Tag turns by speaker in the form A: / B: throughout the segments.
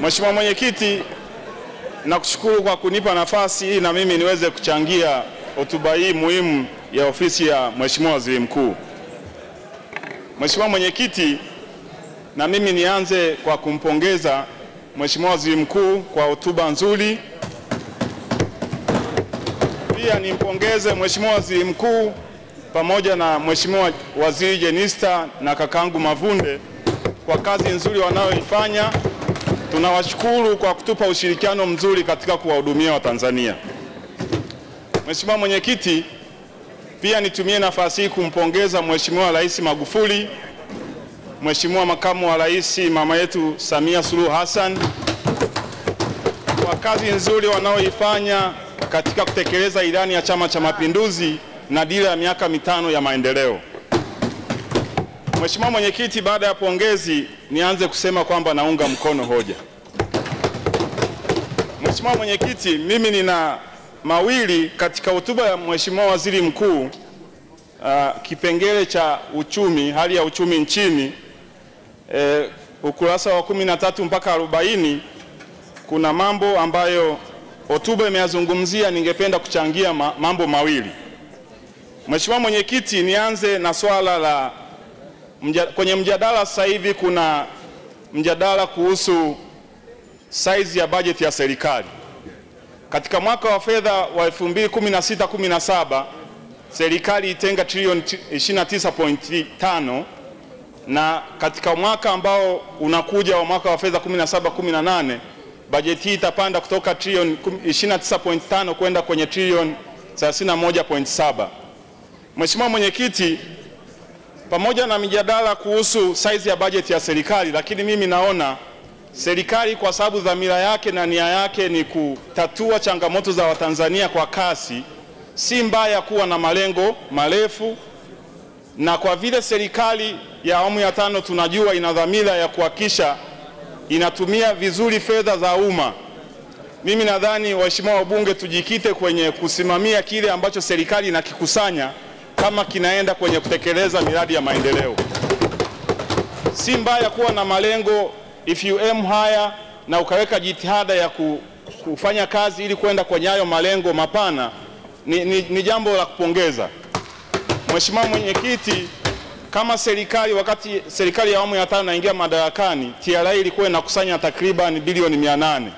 A: Mheshimiwa Mwenyekiti, nakushukuru kwa kunipa nafasi hii na mimi niweze kuchangia hotuba hii muhimu ya ofisi ya Mheshimiwa Waziri Mkuu. Mheshimiwa Mwenyekiti, na mimi nianze kwa kumpongeza Mheshimiwa Waziri Mkuu kwa hotuba nzuri. Pia nimpongeze Mheshimiwa Waziri Mkuu pamoja na Mheshimiwa Waziri Jenista na kakangu Mavunde kwa kazi nzuri wanayoifanya Tunawashukuru kwa kutupa ushirikiano mzuri katika kuwahudumia Watanzania. Mheshimiwa Mwenyekiti, pia nitumie nafasi hii kumpongeza Mheshimiwa Rais Magufuli, Mheshimiwa Makamu wa Rais mama yetu Samia Suluhu Hassan kwa kazi nzuri wanaoifanya katika kutekeleza ilani ya Chama cha Mapinduzi na dira ya miaka mitano ya maendeleo. Mheshimiwa Mwenyekiti, baada ya pongezi nianze kusema kwamba naunga mkono hoja. Mheshimiwa Mwenyekiti, mimi nina mawili katika hotuba ya Mheshimiwa Waziri Mkuu uh, kipengele cha uchumi, hali ya uchumi nchini eh, ukurasa wa kumi na tatu mpaka arobaini kuna mambo ambayo hotuba imeyazungumzia, ningependa kuchangia ma mambo mawili. Mheshimiwa Mwenyekiti, nianze na swala la mja, kwenye mjadala sasa hivi kuna mjadala kuhusu saizi ya bajeti ya serikali katika mwaka wa fedha wa 2016 17 serikali itenga trilioni 29.5 na katika mwaka ambao unakuja wa mwaka wa fedha 17 18 bajeti hii itapanda kutoka trilioni 29.5 kwenda kwenye trilioni 31.7. Mheshimiwa Mwenyekiti, pamoja na mijadala kuhusu saizi ya bajeti ya serikali, lakini mimi naona serikali kwa sababu dhamira yake na nia yake ni kutatua changamoto za Watanzania kwa kasi, si mbaya kuwa na malengo marefu, na kwa vile serikali ya awamu ya tano tunajua ina dhamira ya kuhakikisha inatumia vizuri fedha za umma, mimi nadhani waheshimiwa wabunge, tujikite kwenye kusimamia kile ambacho serikali inakikusanya kama kinaenda kwenye kutekeleza miradi ya maendeleo. Si mbaya kuwa na malengo if you aim higher na ukaweka jitihada ya kufanya kazi ili kwenda kwenye hayo malengo mapana, ni, ni, ni jambo la kupongeza. Mheshimiwa Mwenyekiti, kama serikali wakati serikali ya awamu ya tano inaingia madarakani, TRA ilikuwa inakusanya takriban bilioni mia nane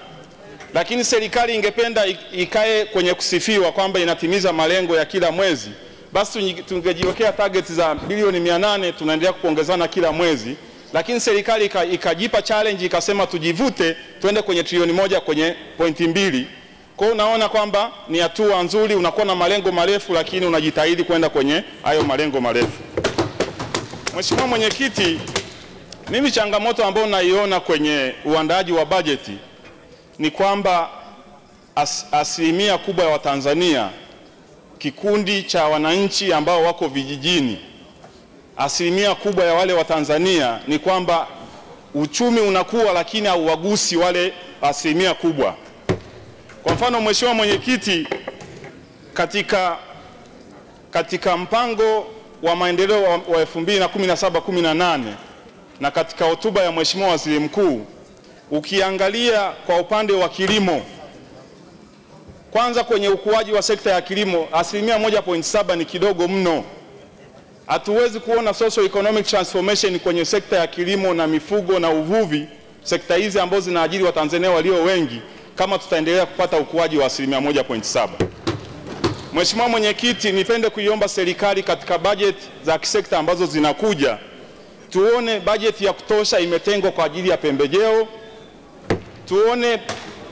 A: lakini serikali ingependa ikae kwenye kusifiwa kwamba inatimiza malengo ya kila mwezi basi tungejiwekea target za bilioni mia nane tunaendelea kuongezana kila mwezi, lakini serikali ikajipa challenge ikasema tujivute tuende kwenye trilioni moja kwenye pointi mbili. Kwa hiyo unaona kwamba ni hatua nzuri, unakuwa na malengo marefu, lakini unajitahidi kwenda kwenye hayo malengo marefu. Mheshimiwa Mwenyekiti, mimi changamoto ambayo naiona kwenye uandaaji wa bajeti ni kwamba as, asilimia kubwa ya Watanzania kikundi cha wananchi ambao wako vijijini, asilimia kubwa ya wale Watanzania ni kwamba uchumi unakuwa lakini hauwagusi wale asilimia kubwa. Kwa mfano, Mheshimiwa Mwenyekiti, katika, katika mpango wa maendeleo wa 2017-18 na katika hotuba ya Mheshimiwa Waziri Mkuu, ukiangalia kwa upande wa kilimo kwanza, kwenye ukuaji wa sekta ya kilimo asilimia 1.7 ni kidogo mno. Hatuwezi kuona social economic transformation kwenye sekta ya kilimo na mifugo na uvuvi, sekta hizi ambazo zinaajiri Watanzania walio wengi, kama tutaendelea kupata ukuaji wa asilimia saba. Mheshimiwa Mwenyekiti, nipende kuiomba serikali katika bajeti za kisekta ambazo zinakuja tuone bajeti ya kutosha imetengwa kwa ajili ya pembejeo, tuone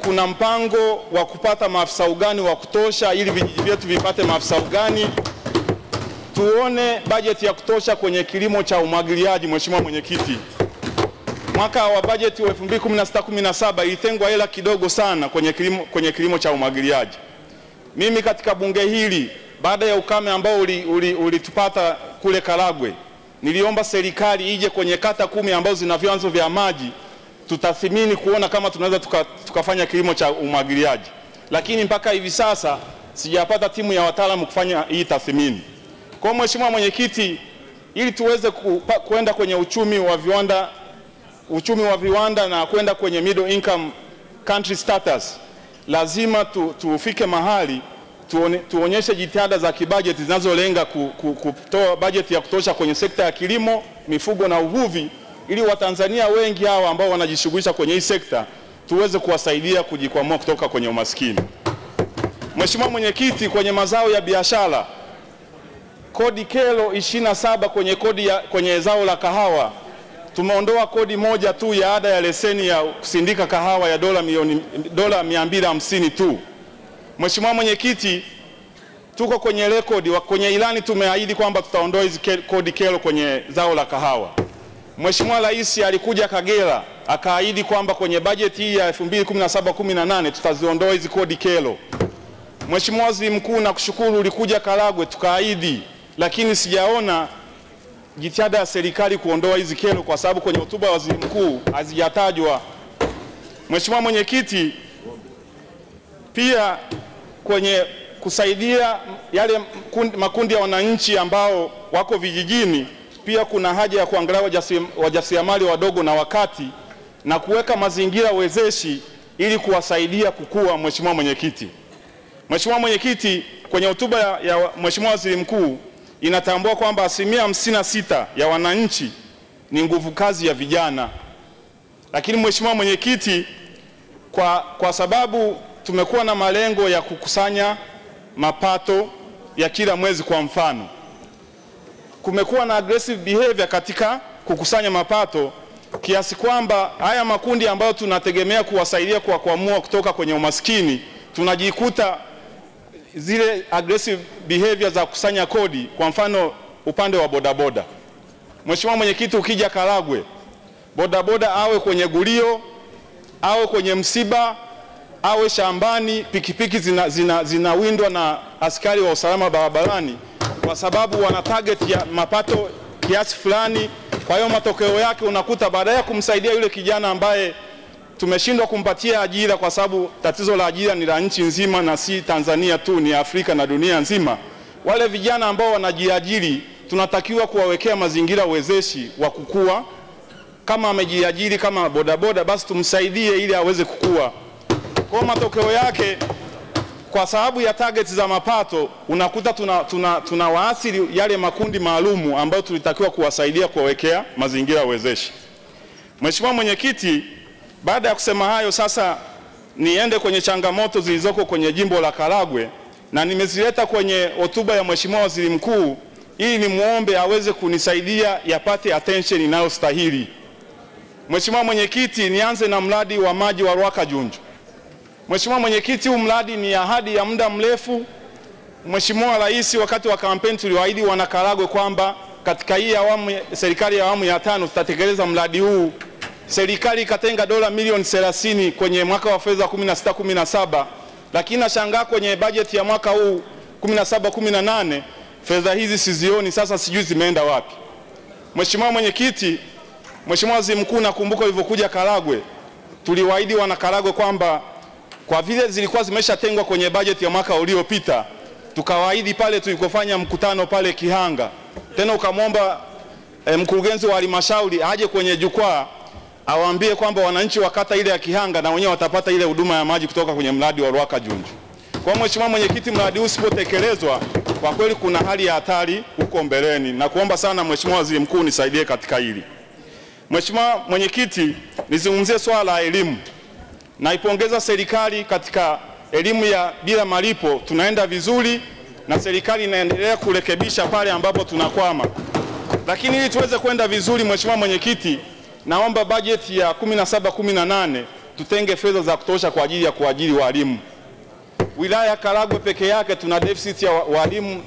A: kuna mpango wa kupata maafisa ugani wa kutosha ili vijiji vyetu vipate maafisa ugani. Tuone bajeti ya kutosha kwenye kilimo cha umwagiliaji. Mheshimiwa Mwenyekiti, mwaka wa bajeti wa 2016/17 ilitengwa hela kidogo sana kwenye kilimo, kwenye kilimo cha umwagiliaji. Mimi katika bunge hili baada ya ukame ambao ulitupata uli, uli kule Karagwe niliomba serikali ije kwenye kata kumi ambazo zina vyanzo vya maji tutathimini kuona kama tunaweza tuka, tukafanya kilimo cha umwagiliaji, lakini mpaka hivi sasa sijapata timu ya wataalamu kufanya hii tathmini. Kwa Mheshimiwa Mwenyekiti, ili tuweze kwenda kwenye uchumi wa viwanda, uchumi wa viwanda na kwenda kwenye middle income country status, lazima tu, tufike mahali tuone, tuonyeshe jitihada za kibajeti zinazolenga ku, ku, kutoa bajeti ya kutosha kwenye sekta ya kilimo, mifugo na uvuvi ili Watanzania wengi hawa ambao wanajishughulisha kwenye hii sekta tuweze kuwasaidia kujikwamua kutoka kwenye umaskini. Mheshimiwa Mwenyekiti, kwenye mazao ya biashara kodi kero 27 kwenye kodi ya, kwenye zao la kahawa tumeondoa kodi moja tu ya ada ya leseni ya kusindika kahawa ya dola milioni dola 250 tu. Mheshimiwa Mwenyekiti, tuko kwenye rekodi, kwenye ilani tumeahidi kwamba tutaondoa hizi kodi kero kwenye zao la kahawa. Mheshimiwa Rais alikuja Kagera akaahidi kwamba kwenye bajeti hii ya 2017 18 tutaziondoa hizi kodi kelo. Mheshimiwa Waziri Mkuu, nakushukuru ulikuja Karagwe tukaahidi, lakini sijaona jitihada ya serikali kuondoa hizi kero, kwa sababu kwenye hotuba ya waziri mkuu hazijatajwa. Mheshimiwa Mwenyekiti, pia kwenye kusaidia yale makundi ya wananchi ambao wako vijijini pia kuna haja ya kuangalia wajasiriamali wadogo na wakati na kuweka mazingira wezeshi ili kuwasaidia kukua. Mheshimiwa Mwenyekiti, Mheshimiwa Mwenyekiti, kwenye hotuba ya, ya Mheshimiwa Waziri Mkuu inatambua kwamba asilimia hamsini na sita ya wananchi ni nguvu kazi ya vijana, lakini Mheshimiwa Mwenyekiti, kwa, kwa sababu tumekuwa na malengo ya kukusanya mapato ya kila mwezi, kwa mfano kumekuwa na aggressive behavior katika kukusanya mapato kiasi kwamba haya makundi ambayo tunategemea kuwasaidia kwa kuamua kutoka kwenye umaskini tunajikuta zile aggressive behavior za kukusanya kodi, kwa mfano upande wa bodaboda. Mheshimiwa Mwenyekiti, ukija Karagwe, bodaboda awe kwenye gulio, awe kwenye msiba, awe shambani, pikipiki zinawindwa zina, zina na askari wa usalama barabarani kwa sababu wana target ya mapato kiasi fulani. Kwa hiyo matokeo yake unakuta baada ya kumsaidia yule kijana ambaye tumeshindwa kumpatia ajira, kwa sababu tatizo la ajira ni la nchi nzima na si Tanzania tu, ni Afrika na dunia nzima. Wale vijana ambao wanajiajiri tunatakiwa kuwawekea mazingira wezeshi wa kukua. Kama amejiajiri kama bodaboda, basi tumsaidie ili aweze kukua. Kwa matokeo yake kwa sababu ya target za mapato unakuta tuna, tuna, tuna waasili yale makundi maalumu ambayo tulitakiwa kuwasaidia kuwawekea mazingira wezeshi. Mheshimiwa Mwenyekiti, baada ya kusema hayo sasa niende kwenye changamoto zilizoko kwenye jimbo la Karagwe na nimezileta kwenye hotuba ya Mheshimiwa Waziri Mkuu ili nimwombe aweze kunisaidia yapate attention inayostahili. Mheshimiwa Mwenyekiti, nianze na mradi wa maji wa rwaka junju Mheshimiwa Mwenyekiti, huu mradi ni ahadi ya muda mrefu. Mheshimiwa Rais, wakati wa kampeni tuliwaahidi wanakaragwe kwamba katika hii awamu, serikali ya awamu ya tano tutatekeleza mradi huu. Serikali ikatenga dola milioni 30 kwenye mwaka wa fedha 16 17, lakini nashangaa kwenye bajeti ya mwaka huu 17 18 fedha hizi sizioni, sasa sijui zimeenda wapi. Mheshimiwa Mwenyekiti, Mheshimiwa Waziri Mkuu, nakumbuka ulivyokuja Karagwe, tuliwaahidi Wanakaragwe Karagwe kwamba kwa vile zilikuwa zimeshatengwa kwenye bajeti ya mwaka uliopita, tukawaahidi pale tulikofanya mkutano pale Kihanga, tena ukamwomba e, mkurugenzi wa halmashauri aje kwenye jukwaa awaambie kwamba wananchi wa kata ile ya Kihanga na wenyewe watapata ile huduma ya maji kutoka kwenye mradi wa Ruaka Junju. Kwa Mheshimiwa Mwenyekiti, mradi huu usipotekelezwa kwa kweli kuna hali ya hatari huko mbeleni, na kuomba sana Mheshimiwa Waziri Mkuu nisaidie katika hili. Mheshimiwa Mwenyekiti, nizungumzie swala la elimu. Naipongeza serikali katika elimu ya bila malipo, tunaenda vizuri na serikali inaendelea kurekebisha pale ambapo tunakwama. Lakini ili tuweze kwenda vizuri, Mheshimiwa Mwenyekiti, naomba bajeti ya 17 18 tutenge fedha za kutosha kwa ajili ya kuajiri walimu. Wilaya ya Karagwe peke yake tuna deficit ya walimu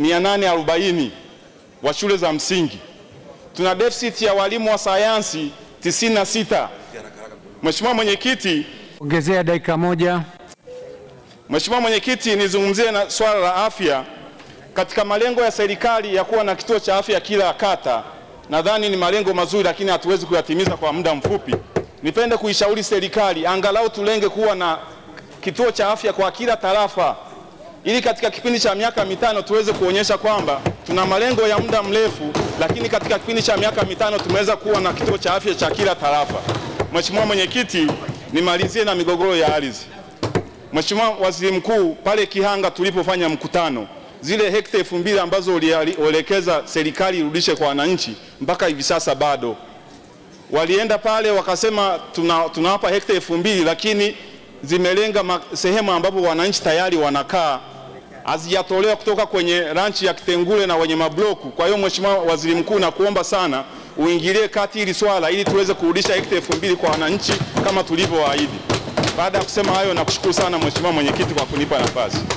A: 840 wa shule za msingi, tuna deficit ya walimu wa sayansi 96 Mheshimiwa Mwenyekiti,
B: ongezea dakika moja.
A: Mheshimiwa Mwenyekiti, nizungumzie na swala la afya. Katika malengo ya serikali ya kuwa na kituo cha afya kila kata, nadhani ni malengo mazuri, lakini hatuwezi kuyatimiza kwa muda mfupi. Nipende kuishauri serikali angalau tulenge kuwa na kituo cha afya kwa kila tarafa, ili katika kipindi cha miaka mitano tuweze kuonyesha kwamba tuna malengo ya muda mrefu, lakini katika kipindi cha miaka mitano tumeweza kuwa na kituo cha afya cha kila tarafa. Mheshimiwa Mwenyekiti, nimalizie na migogoro ya ardhi. Mheshimiwa Waziri Mkuu, pale Kihanga tulipofanya mkutano, zile hekta elfu mbili ambazo ulielekeza serikali irudishe kwa wananchi, mpaka hivi sasa bado walienda pale wakasema tunawapa tuna hekta elfu mbili lakini zimelenga sehemu ambapo wananchi tayari wanakaa hazijatolewa kutoka kwenye ranchi ya Kitengule na wenye mabloku. Kwa hiyo Mheshimiwa Waziri Mkuu, nakuomba sana uingilie kati hili swala ili tuweze kurudisha hekta elfu mbili kwa wananchi kama tulivyowaahidi. Baada ya kusema hayo, nakushukuru sana Mheshimiwa Mwenyekiti kwa kunipa nafasi.